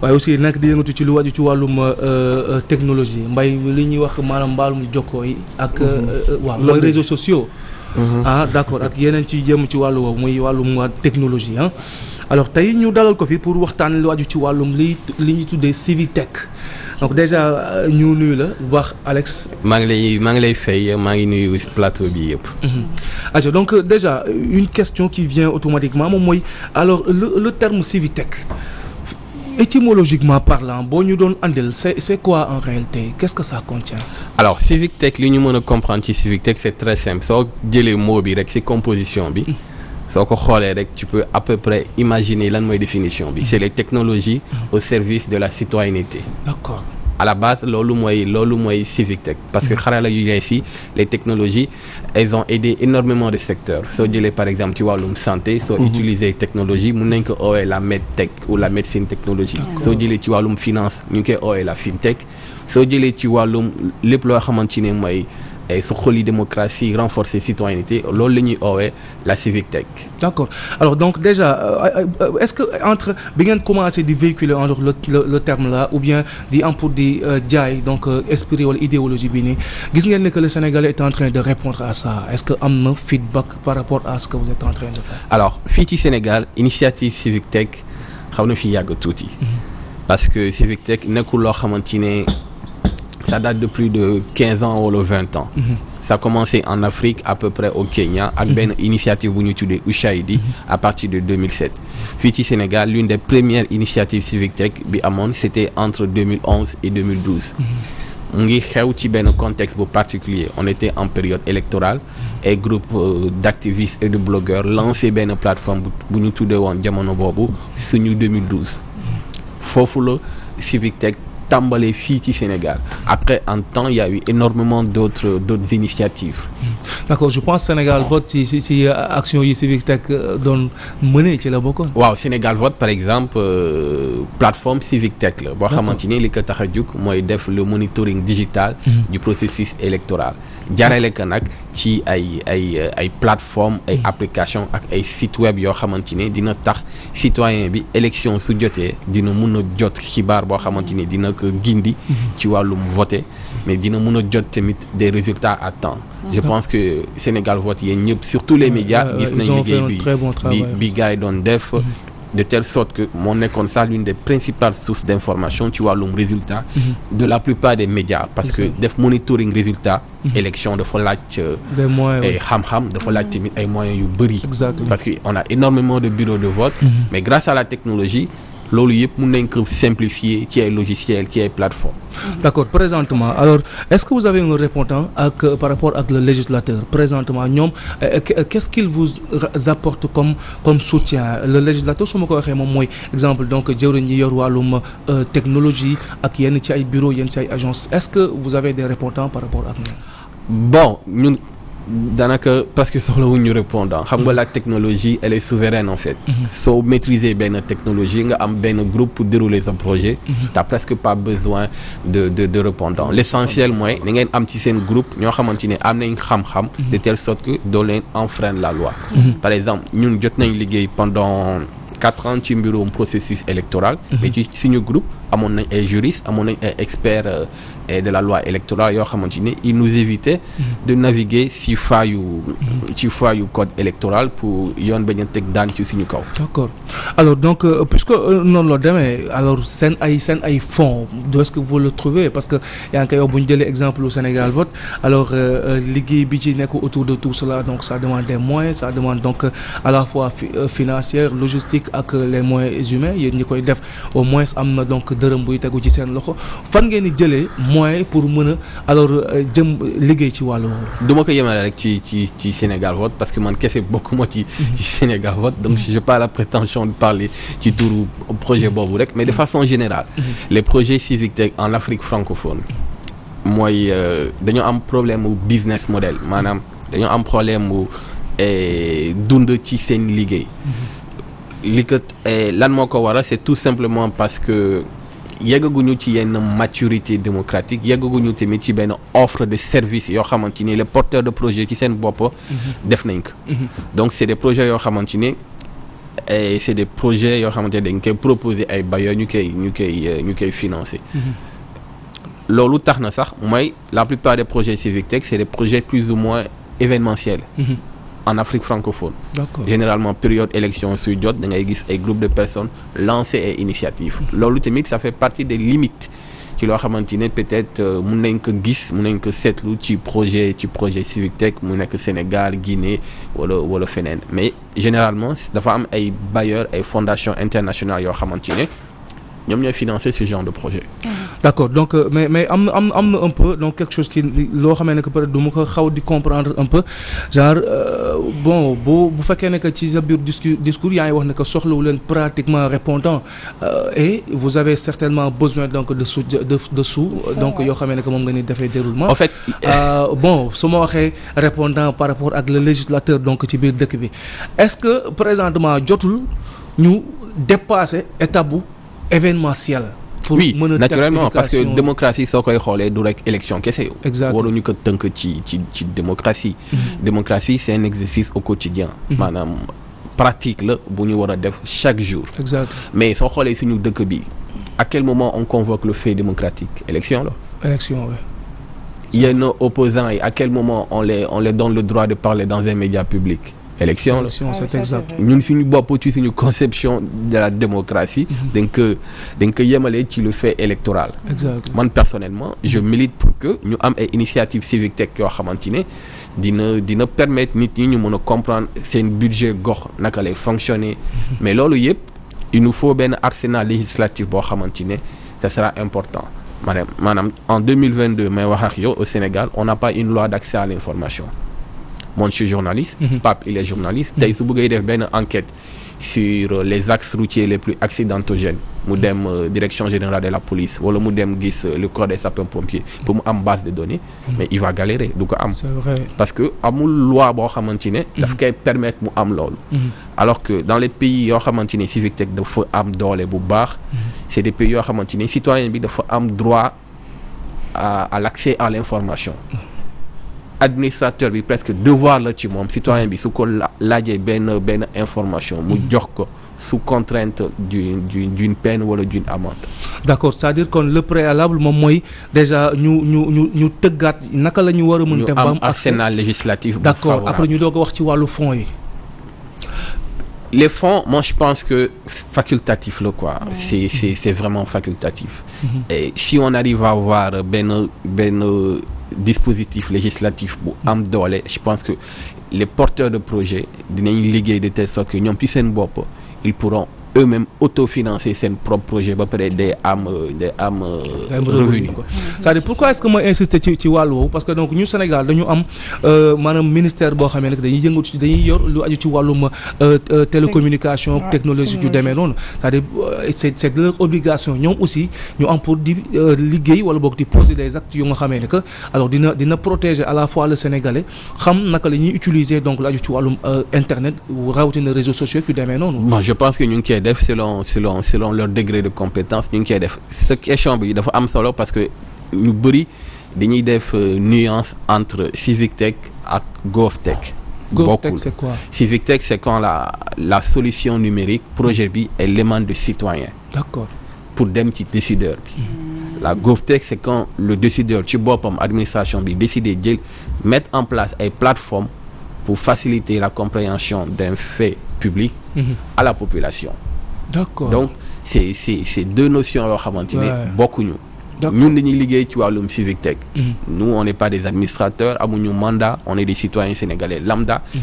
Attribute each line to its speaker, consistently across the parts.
Speaker 1: waaye aussi nag di yëngatu ci lu wàju ci wàllum euh, euh, technologie mbay li ñuy wax maanaam mbaalum jokkoo yi ak euh, mhm. waaw mooy réseaux sociaux mhm. ah d'accord ak yeneen ci jëm ci wàllu woowu muy wàllum technologie ah alors tey ñu dalal ko fi pour waxtaan lu wàju ci wàllum li li ñuy tuddee Civitech donc déjà ñu nuyu la bu baax Alex
Speaker 2: maa ngi lay maa ngi lay fay maa ngi nuyu plateau bi yëpp
Speaker 1: mhm. alors ah, donc déjà une question qui vient automatiquement moom mooy alors le le terme Civitech étymologiquement parlant boo ñu doon andil c'est c'est quoi en réalité qu'est-ce que ça contient.
Speaker 2: alors civic tech li ñu mën a comprendre ci civic tech c'est très simple so jëlee mot bi rek ci composition bi. soo ko xoolee rek tu peux à peu près imaginer lan mooy définition bi. c'est les technologies au service de la citoyenneté. d'accord. à la base loolu mooy loolu mooy civic tek parce que xarala yu yees yi les technologies elles ont aidé énormément de secteurs soo jëlee par exemple ci wàllum santé soo mhm. utiliser technologie mun nañ ko oowee la medtech ou la médecine technologie soo jëlee ci wàllum finance ñu ngi koy oowee la fintech soo jëlee ci wàllum lépp loo xamante ne mooy et suqali démocratie renforcer citoyenneté loolu la ñuy la
Speaker 1: civic tech. d' accord alors donc déjà euh, euh, euh, est ce que entre bi ngeen commencé di véhiculer entre le, le le terme là ou bien di am pour di jaay donc idéologie bi nii gis ngeen ne que le Sénégalais est en train de répondre à ça est ce que am na feedback par rapport à ce que vous êtes en train de faire.
Speaker 2: alors fii ci Sénégal initiative civic tech xaw na fi yàgg tuuti. Mhm. parce que civic tech nekkul loo xamante ne. ça date de plus de quinze ans wala vingt ans. Mhm. ça a commencé en Afrique à peu près au Kenya ak mhm. benn initiative bu ñu tuddee Ushahidi mhm. à partir de 2007 fii ci Sénégal l'une des premières initiatives civiques tech bi amoon c'était entre 2011 et 2012. mu ngi xew ci benn contexte bu particulier on était en période électorale et groupe euh, d'activistes et de blogueurs lancé benn plateforme bu ñu tuddee woon jamono boobu suñu 2012 foofu la civique tàmbalee fii ci Sénégal après en temps il y a eu énormément d'autres d'autres initiatives hmm.
Speaker 1: d'accord je pense Sénégal vote ci si si euh, action yi Civic Tech euh, doon mënee ci la bokkoon
Speaker 2: waaw Sénégal vote par exemple euh, plateforme Civic Tech la boo xamante ni li ko tax a jóg mooy def le monitoring digital hmm. du processus électoral jaarale ko nag ci ay ay ay plateforme ay hmm. application ak ay site web yoo xamante ni dina tax citoyen bi élection su jotee dina mun a jot xibaar boo xamante ni dina ko gindi hmm. ci wàllum voté mais dina mun a jot tamit des résultats à temps hmm. je pense que Sénégal vote yéen ñëpp surtout les euh, médias euh, gis nañ liggéey bi bi gars yi doon def de telle sorte que moo nekkoon sax l'une des principales sources d'information ci wàllum résultat mhm. de la plupart des médias parce que def monitoring résultat mhm. élection dafa laaj euh, ay xam-xam dafa laaj tamit ay moyens yu bëri parce que on a énormément de bureaux de vote mhm. mais grâce à la technologie loolu yëpp mun nañ ko simplifier ci ay logiciels ci ay plateformes.
Speaker 1: Mhm. d'accord présentement alors est-ce que vous avez un répondant euh, par rapport ak le législateur présentement ñoom euh, euh, qu'est-ce qu'il vous apporte comme comme soutien le législateur su ma ko waxee moom mooy exemple donc jëwriñ yi yor wàllum technologie ak yenn ci ay bureaux yenn ci ay agences est-ce que vous avez des répondants par rapport ak
Speaker 2: ñoom. daanaka parce que soxlawuñ ñu répondant xam nga mm-hmm. la technologie elle est souveraine en fait mm-hmm. soo maîtriser benn technologie nga am benn groupe pour dérouler sa projet mm-hmm. t'as presque pas besoin de de de répondant l'essentiel mooy ni ngeen am ci seen groupe ñoo xamante ne am nañ xam-xam de telle sorte que doo leen enfreindre la loi par exemple ñun jot nañ liggéey pendant quatre ans ci mbirum processus électoral mais ci suñu group amoon nañ ay juristes amoon nañ ay euh, et de la loi électorale yoo xamante ni il nous évitait de naviguer si fa yu ci fa yu code électoral pour yoon ba ñu teg daan ci ñu kaw
Speaker 1: d'accord alors donc euh, puisque euh, noonu la demee alors seen ay seen ay fonds d'où est-ce que vous parce que yaa yow bu ñu jëlee exemple au Sénégal vote alors euh, euh, liggéey bi ci nekk autour de tout cela donc ça demande des moins ça demande donc à la fois financière logistique ak les moins humains yéen ñu koy def au moins am na donc dërëm buy tegu ci seen loxo fan di jëlee moyen pour mën a alors euh, jëm liggéey ci wàllu woowu.
Speaker 2: du ma ko yemale rek ci ci ci Sénégal vote parce que man kese bokk moo ci. Mhm. ci Sénégal vote donc mhm. j'ai pa la prétention de parler ci turu projet mhm. boobu rek mais de façon générale. les projets civiques teg en Afrique francophone. mooy euh, dañoo am problème mu business model maanaam dañoo am problème mu eh, dund ci seen liggéey. li ko eh, lan moo c'est tout simplement parce que. yeggaguñu ci yenn maturité démocratique yeggaguñu tamit ci benn offre de service yoo xamante ni les porteurs de projet ci seen bopp mhm. def nañ ko mhm. donc c'est des projets yoo xamante ni eh, c'est des projets yoo xamante ne dañ koy proposer ay bailleurs ñu koy ñu koy euh, ñu koy financer mhm. loolu tax na sax mooy la plupart des projets civiques tech c'est des projets plus ou moins événementiels en Afrique francophone. D'accord. généralement période élection suy jot dangay ngay gis ay groupe de personnes lancer et initiative loolu tamit ça fait partie des limites ci loo xamante ne peut-être euh, mun nañ ko gis mun nañ ko seetlu ci projet ci projet Civic Tech mu nekk Sénégal Guinée wala wala feneen mais généralement dafa am ay bailleurs ay fondations internationales yoo xamante ne. ñoom ñooy financé ce genre de projet. Mhm.
Speaker 1: d' donc euh, mais mais am na am am na un peu donc quelque chose qui loo xamee ne que peut être du ma ko xaw di comprendre un peu genre euh, bon boo bu fekkee ne que ci sa biir discours yaa ngi wax ne que soxlawu leen pratiquement répondant euh, et vous avez certainement besoin donc de sous de de sous donc yoo xamee ne moom nga ni defee déroulement. en fait bon su ma waxee répondant par rapport ak le législateur donc ci biir dëkk bi est ce que présentement jotul ñu dépasser étape bu. événementiel. pour oui, mën a naturellement parce que
Speaker 2: démocratie soo koy xoolee du rek élection kese. exactement waruñu ko tënk ci ci ci démocratie. Mhm. démocratie c'est un exercice au quotidien. Mhm. maanaam pratique la bu ñu war a def chaque jour. exact mais soo xoolee suñu dëkk bi à quel moment on convoque le fait démocratique élection la. élection oui. yenn opposants yi à quel moment on les on les donne le droit de parler dans un média public. élection la ah c'est exact ñun suñu bopp ci suñu conception de la démocratie mhm. dañ ko dañ ko yemale ci le fait électoral man personnellement je milite pour que ñu am ay initiative civique teg yoo xamante ne dina dina permettre nit ñi ñu mën a comprendre seen budget gox naka lay fonctionner mhm. mais loolu yëpp il nous faut benn arsenal législatif boo xamante ne ça sera important maanaam maanaam en 2022 may wax ak yow au Sénégal on n'a pas une loi d'accès à l'information man je suis journaliste. Mhm. Pape il est journaliste. Mhm. tey su bëggee def benn enquête sur euh, les axes routiers les plus accidentogènes mu mhm. dem euh, direction générale de la police wala mu dem gis euh, le corps des sapeurs pompiers pour mu am base de données. mais il va galérer du ko am. parce que amul loi boo xamante ne. daf koy permettre mu am loolu. alors que dans les pays yoo xamante ne civic tech dafa am doole bu baax. c'est de pays yoo xamante ne citoyen bi dafa am droit à à l'accès à l'information. administrateur bi presque devoir la ci moom citoyen bi su ko laajee benn benn information mu hmm. jox ko su contrainte du du d'une peine wala d'une
Speaker 1: amende. d'accord c'est-à-dire kon le préalable moom mooy déjà ñu ñu ñu ñu tëggaat naka la ñu war a mën. dem ba am arsenal législatif. d'accord après ñu doog a wax ci wàllu fonds yi.
Speaker 2: les fonds moi je pense que facultatif là quoi hmm. c'est vraiment facultatif hmm. et si on arrive à avoir benn dispositif législatif bu am doole je pense que les porteurs de projet dinañ liggéey de telle sorte que ñoom ci seen bopp ils pourront eux-mêmes autofinancer seen propre projet ba pare day am day am euh, revenu
Speaker 1: pourquoi est-ce que ma insister ci wàll woowu parce que donc ñu Sénégal dañu am euh, maanaam ministère boo xamee ne dañuy yëngatu ci dañuy yor lu aju ci wàllum euh, télécommunication technologie yu demee noonu c'est-à-dire c'est c'est ñoom aussi ñu am pour di liggéey wala boog di poser des actes yu nga xamee ne que alors dina dina protéger à la fois le Sénégalais xam naka la ñuy utiliser donc lu aju ci wàllum internet rawatina réseaux sociaux yu demee noonu
Speaker 2: def selon selon selon leur degré de compétence ñu ngi koy def ce question bi dafa am solo parce que ñu bëri dañuy def euh, nuance entre civic tech ak gov tech bokkul civic tech c'est quand la la solution numérique projet bi est l'élément de citoyen d'accord pour dem ci décideur bi hmm. la GovTech c'est quand le décideur ci boppam administration bi décider jël mettre en place ay plateformes pour faciliter la compréhension d'un fait public mm -hmm. à la population d'accord donc c'est c'est c'est deux notions yoo xamante ne bokkuñu ñun dañuy liggéey ci wàllum civic tech mm-hmm. nous on n'est pas des administrateurs amuñu mandat on est des citoyens sénégalais lambda mm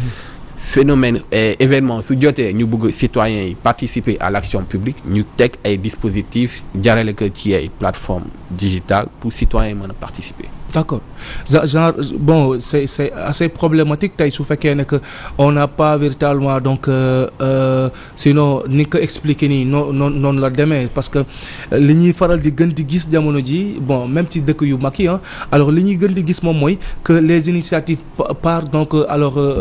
Speaker 2: événement su jotee ñu bëgg citoyens yi participer à l'action publique ñu teg ay dispositifs jarale ko ci ay plateforme digitale pour citoyens yi mën a participer
Speaker 1: d'accord genre bon c'est c'est assez problématique tey su fekkee ne que on n'a pas véritablement donc euh, euh, sinon ni ko expliqué nii noon noon noonu la demee parce que euh, li ñuy faral di gën di gis jamono ji bon même si dëkk yu mag yi alors li ñuy gën di gis moom mooy que les initiatives par donc euh, alors euh,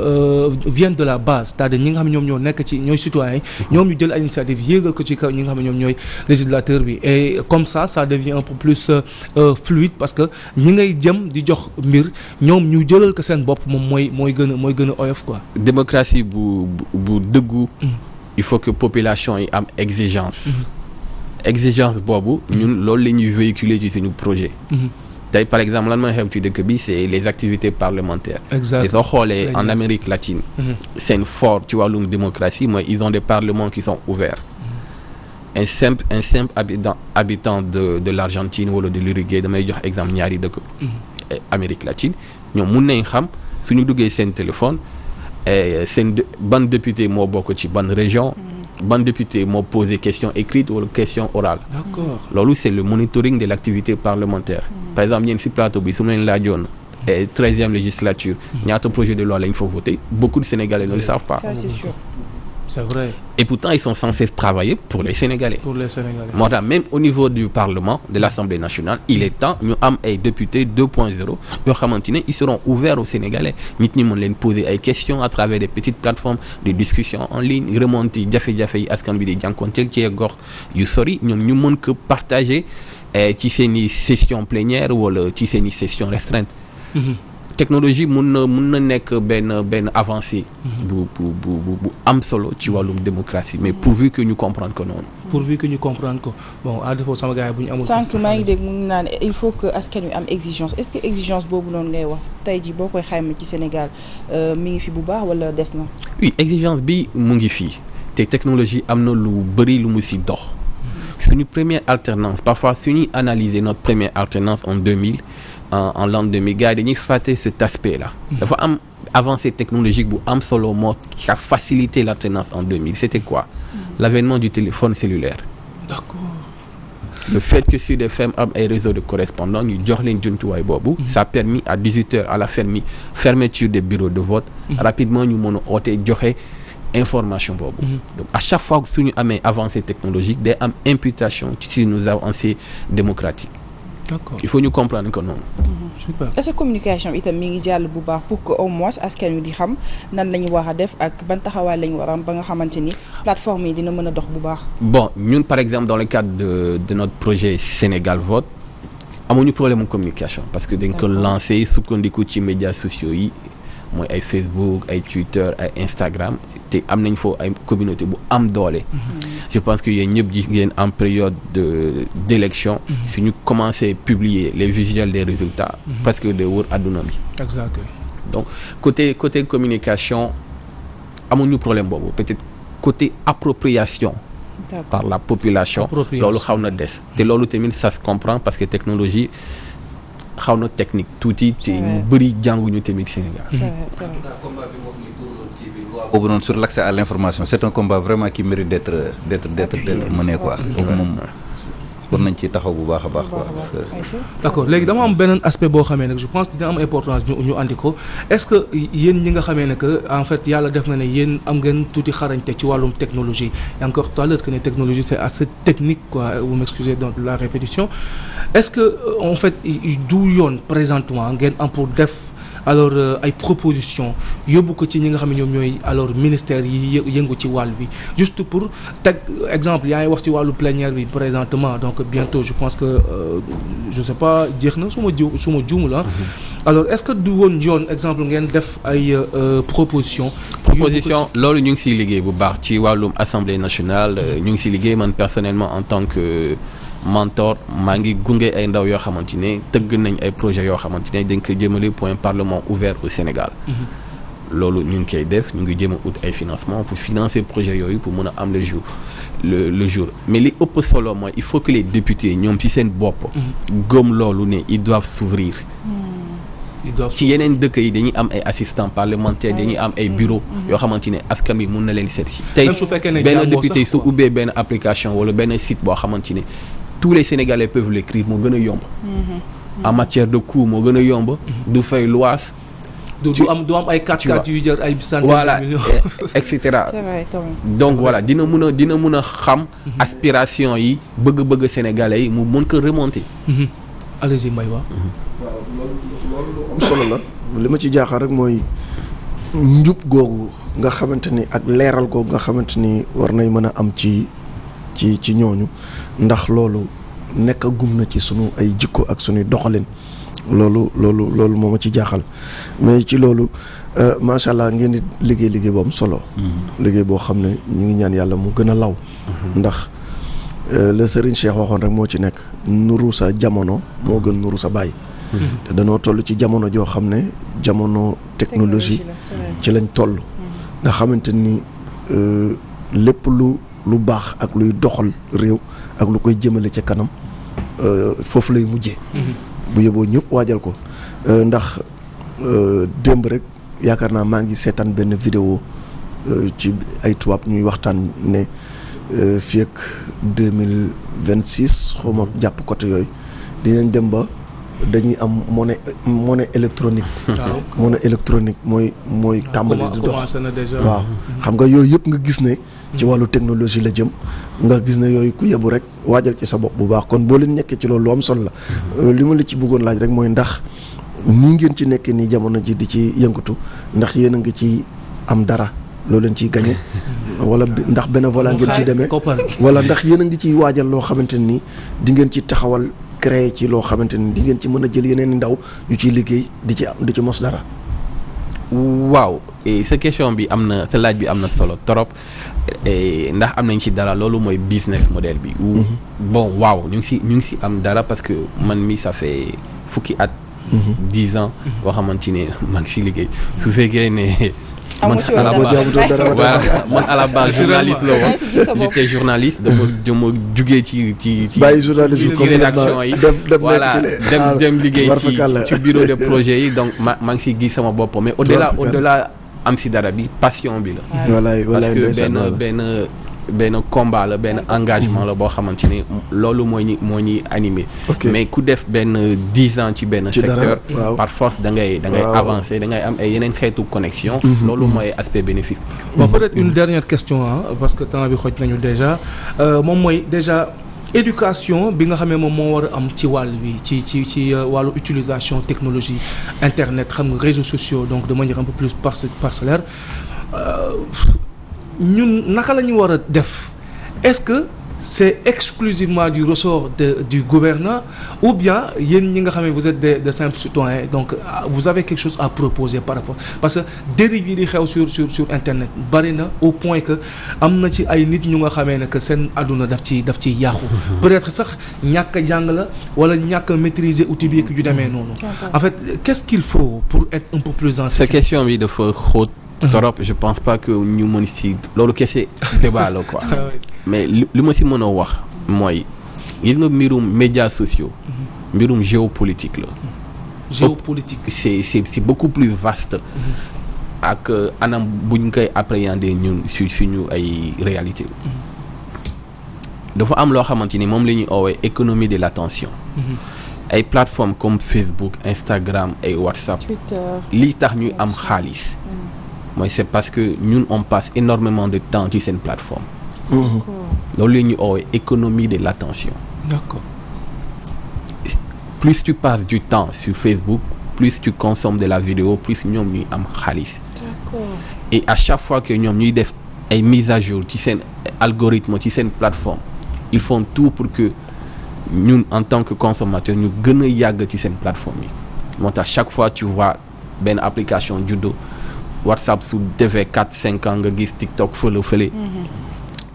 Speaker 1: euh, viennent de la base c'est-à-dire ñi nga xam ñoom ñoo nekk ci ñooy citoyens ñoom ñu jël ay initiative yéegal ko ci kaw ñi nga xam ne ñoom ñooy législateur bi et comme ça ça devient un peu plus fluide parce jëm di jox mbir ñoom ñu jëlal ko seen bopp moom mooy mooy gën a mooy gën a oyof quoi.
Speaker 2: démocratie bu bu dëggu. Mm. il faut que population yi am exigence. Mm-hmm. exigence boobu ñun loolu la ñuy véhiculer ci suñu projet. Mm-hmm. tey par exemple lan mooy xew ci dëkk bi c'est les activités parlementaires. exactement soo xoolee en Amérique latine. Mm-hmm. seen fort ci wàllum démocratie mooy ils ont des parlements qui sont ouverts. un simple un simple habitant habitant de de l'Argentine wala de l'Uruguay damay jox exemple ñaari dëkk. Mhm. E, Amérique latine ñoom mun nañ xam suñu duggee seen téléphone e, seen ban député moo bokk ci ban région. Mhm. ban député moo posé question écrite wala question orale. d'accord loolu c'est le monitoring de l'activité parlementaire. Mhm. par exemple ñeen si plateau bi su ma leen laajoon. E, treizième législature. ñaata projet de loi lañ fa voté beaucoup de Sénégalais ne le savent pas. c'est vrai et pourtant ils sont censés travailler pour les Sénégalais. pour les Sénégalais moo tax même au niveau du parlement de l'Assemblée nationale il est temps ni am ay députés 2.0 yoo ils seront ouverts aux Sénégalais nit ñi mën leen poser ay questions à travers des petites plateformes de discussion en ligne remonter jafe-jafe askan bi di jànkuwanteel ci gox yu sori ñoom ñu mën ko partager eh, ci seen i session plénière wala ci seen i session restreinte. Mm-hmm. technologie mun na mun na nekk benn benn avancée. Mhm. bu bu bu bu am solo ci wàllum démocratie mais pourvu que ñu comprendre ko noonu.
Speaker 1: pourvu que ñu comprendre ko bon à défaut sama gars yi bu ñu amul. sànq maa ngi dégg mun naa ne il faut que askan wi am exigence est-ce que exigence boobu noonu ngay wax tey jii boo koy xayma ci Sénégal euh, mi ngi fi bu baax walla des na. oui exigence
Speaker 2: bi mu ngi fii te technologie am na lu bëri lu mu si dox. Mhm. suñu première alternance parfois suñuy analyser notre première alternance en 2000. en en l'an 2000 gars yi dañuy fàtte cet aspect là. dafa am avancée technologique bu am solo moo qui a facilité l'alternance en 2000 c'était quoi. Mm. l'avènement du téléphone cellulaire. d'accord. le fait que Sud FM am ay réseaux de correspondants ñu jox leen jumtuwaay boobu. Mm. ça a permis à 18 heures à la fermi fermeture des bureaux de vote. Mm. rapidement ñu mën a oote joxe information boobu. donc à chaque fois suñu amee avancée technologique des am imputation ci suñu avancées démocratiques. d'accord il faut ñu comprendre ko noonu.
Speaker 1: Mhm. super communication itam mi ngi jàll bu baax pour que au moins askan wi di xam nan lañu wax a def ak ban taxawaay la ñu war a ba nga xamante ni plateforme yi dina mën a dox bu baax.
Speaker 2: bon ñun par exemple dans le cadre de de notre projet Sénégal Vote amuñu problème mu communication parce que dañ ko lancé sukkandiku ci médias sociaux yi mooy ay Facebook ay Twitter ay Instagram am nañ foo ay communauté bu am doole. Mhm. je pense que yéen ñëpp gis ngeen en période de d' mhm. si ñu commencé publier les visuels des résultat mhm. parce que de wër àdduna bi. exactement donc côté côté communication amuñu problème boobu peut-être côté appropriation. par la population. loolu xaw na des. te loolu tamit ça se comprend parce que technologie. xaw na technique tuuti te ñu bëri jànguñu tamit Sénégal. boobu noonu sur l' accès à l' information c' est un combat vraiment qui mérite d' être d' être d' être d' être moom war nañ ci taxaw bu baax a baax quoi parce
Speaker 1: que d' léegi dama am beneen aspect boo xamee nag je pense dina am importance ñu ñu andi ko est ce que yéen ñi nga xamee ne que en fait yàlla def na ne yéen am ngeen tuuti xarañte ci wàllum technologie et encore tout à l'heure que ne technologie c' est assez technique quoi vous m' excusez donc la répétition ce que en fait du yoon présentement ngeen am pour def alors euh, ay proposition yóbbu ko ci ñi nga xam ne ñoom ñooy alors ministère yi yëngu ci wàll bi juste pour teg exemple yaa ngi wax ci wàllu plénière bi présentement donc bientôt je pense que euh, je sais pas jeex na su ma jiw su ma la alors est-ce que du woon yoon exemple ngeen def ay euh, proposition proposition
Speaker 2: loolu ñu ngi siy liggéey bu baax ci wàllu assemblée nationale ñu ngi si liggéey man personnellement en tant que mentor maa ngi gunge ay ndaw yoo xamante ne tëgg nañ ay projet yoo xamante ne dañ koy jëmale point parlement ouvert au Sénégal mm-hmm. loolu ñu ngi koy def ñu ngi jéem a ut ay financement pour financer projet yooyu pour mën a am le jour le le jour mais li ëpp solo mooy il faut que les députés ñoom ci seen bopp mm-hmm. gëm loolu ne ils doivent s'ouvrir
Speaker 1: mm-hmm.
Speaker 2: ci yeneen dëkk yi dañuy am ay assistants parlementaires dañuy am ay bureau yoo xamante ne askan wi mun na leen seet si tey benn député su ubbee benn application wala benn site boo xamante ne tous les sénégalais peuvent l'écrire moo gën a yomb. Mm-hmm. en matière de coût moo gën a yomb. Mm-hmm. du fay luwaas. du am du am ay quatre quatre yu jël ay centaines de millions voilà et cetera. voilà dina mun a dina mun a xam. Mm-hmm. aspiration yi bëgg-bëgg sénégalais yi mu mën ko remonter.
Speaker 1: allez-y Mbaye
Speaker 3: solo la. li ma ci jaaxal rek mooy njub googu nga xamante ni ak leeral googu nga xamante ni war nañ mën a am ci. ci ci ñooñu ndax loolu nekkagum na ci suñu ay jikko ak suñuy doxalin loolu loolu loolu moo ma ci jaaxal mais ci loolu euh, macha allah ngeen di liggéey liggéey boobu solo. Mm-hmm. liggéey boo xam ne ñu ngi ñaan yàlla mu gën a law. Mm-hmm. ndax euh, le Serigne Cheikh waxoon rek moo ci nekk nuru sa jamono moo gën nuru sa bàyyi. Mm-hmm. te danoo toll ci jamono joo xam ne jamono technologie. ci lañ toll. nga xamante euh, lépp lu. lu baax ak luy doxal réew ak lu koy jëmale ca kanam euh, foofu lay mujje mm-hmm. bu yóbboo ñëpp waajal ko euh, ndax euh, démb rek yaakaar naa maa ngi seetaan benn vidéo ci ay tubaab ñuy waxtaan ne fii ak deux mille vingt six xaw jàpp côté yooyu dinañ dem ba. dañuy am monnaie monnaie électronique. waaw ah, électronique mooy mooy. Ah, tàmbali di dox waaw mm-hmm. xam nga yooyu yëpp nga gis ne. ci wàllu technologie la jëm nga gis na yooyu ku yebu rek waajal ci sa bopp bu baax kon boo leen nekkee ci loolu lu am solo la euh, li ma la ci bëggoon laaj rek mooy ndax nii ngeen ci nekkee nii jamono ji di ci yëngatu ndax yéen a ngi ci am dara loo leen ciy gañe wala ndax bénévolat ngeen ci demee wala ndax yéen a ciy waajal loo xamante nii di ngeen ci taxawal créé ci loo xamante ni di ngeen ci mën a jël yeneen ndaw ñu ciy liggéey di ci am di ci mos dara
Speaker 2: waaw sa question bi am na sa laaj bi am na solo trop Eh, ndax am nañ ci dara loolu mooy business model bi. Mhm. bon waaw ñu ngi si ñu ngi si am dara parce que man mi ça fait fukki ak mhm. dix ans boo xamante ne man si liggéey su fekkee ne. man à la base journaliste la woon j'étais journaliste dama dama ci ci ci bàyyi
Speaker 3: journaliste ci rédaction yi voilà
Speaker 2: dem dem liggéey ci ci bureau de projet yi donc ma si gis sama bopp mais au delà au delà am si dara bi passion bi la. parce que benn benn benn combat la benn engagement la mm-hmm. boo xamante ni loolu moo ñu moo ñuy animé. mais ku def benn dix ans ci benn. secteur par force da ngay da ngay avancé da ngay am ay yeneen xeetu connexion. Mm-hmm. loolu mm-hmm. mooy aspect bénéfice. bon peut
Speaker 1: une dernière question parce que temps bi xoj nañu déjà euh, moom mooy déjà. éducation bi nga xamee moom moo war a am ci wàll wi ci ci ci euh, wàllu utilisation technologie internet xam nga réseaux sociaux donc de manière un peu plus par parcellaire euh, ñun naka la ñu war a def est-ce que c'est exclusivement du ressort de du gouverneur ou bien yéen ñi nga xam ne vous êtes des des simples donc ah, vous avez quelque chose à proposer par rapport parce que dérive yi di xew sur sur sur internet bari na au point que am na ci ay nit ñu nga xamee ne que seen àdduna daf ci daf ciy yàqu. peut-être sax ñàkk a jàng la wala ñàkk maitriser maîtriser outil bi yu demee noonu. en fait qu'est-ce qu'il faut pour être un peu plus
Speaker 2: en sécurité. sa question bi dafa xóot. torop uh-huh. je pense pas que ñu mën si loolu kese débat ko quoi mais li ma si mën a wax mooy gis nga mbirum médias sociaux
Speaker 1: uh-huh.
Speaker 2: mbirum géopolitique la uh-huh. géopolitique c'est c'est c'est beaucoup plus vaste ak euh, anam buñ koy appréhender ñun su suñu ay réalité dafa am loo xamante ni moom la ñuy oowee économie de l'attention ay plateformes comme Facebook Instagram ay WhatsApp li tax ñuy am xaalis mm. mooy c'est parce que ñun on passe énormément de temps ci seen plateforme loolu la ñu oowee économie de l'attention d'accord plus tu passes du temps sur Facebook plus tu consommes de la vidéo plus ñoom ñuy am xaalis et à chaque fois que ñoom ñuy def ay mise à jour ci seen algorithme ci seen plateforme ils font tout pour que ñun en tant que consommateur ñu gën a yàgg ci seen plateforme yi moo tax chaque fois tu vois benn application judo WhatsApp su defee quatre cinq ans nga gis TikTok fële fële. Mhm.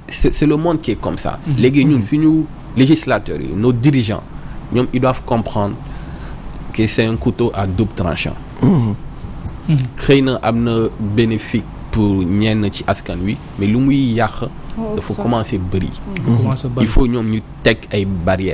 Speaker 2: c'est c'est le monde qui est comme ça. Mhm. léegi ñun mhm. suñu législateurs yi nos dirigeants ñoom ils doivent comprendre que c'est un couteau à double tranchant. xëy na am na bénéfique pour ñenn ci askan wi
Speaker 1: mais lu muy yàq. dafa commencer bëri. il faut ñoom ñu teg ay barrières.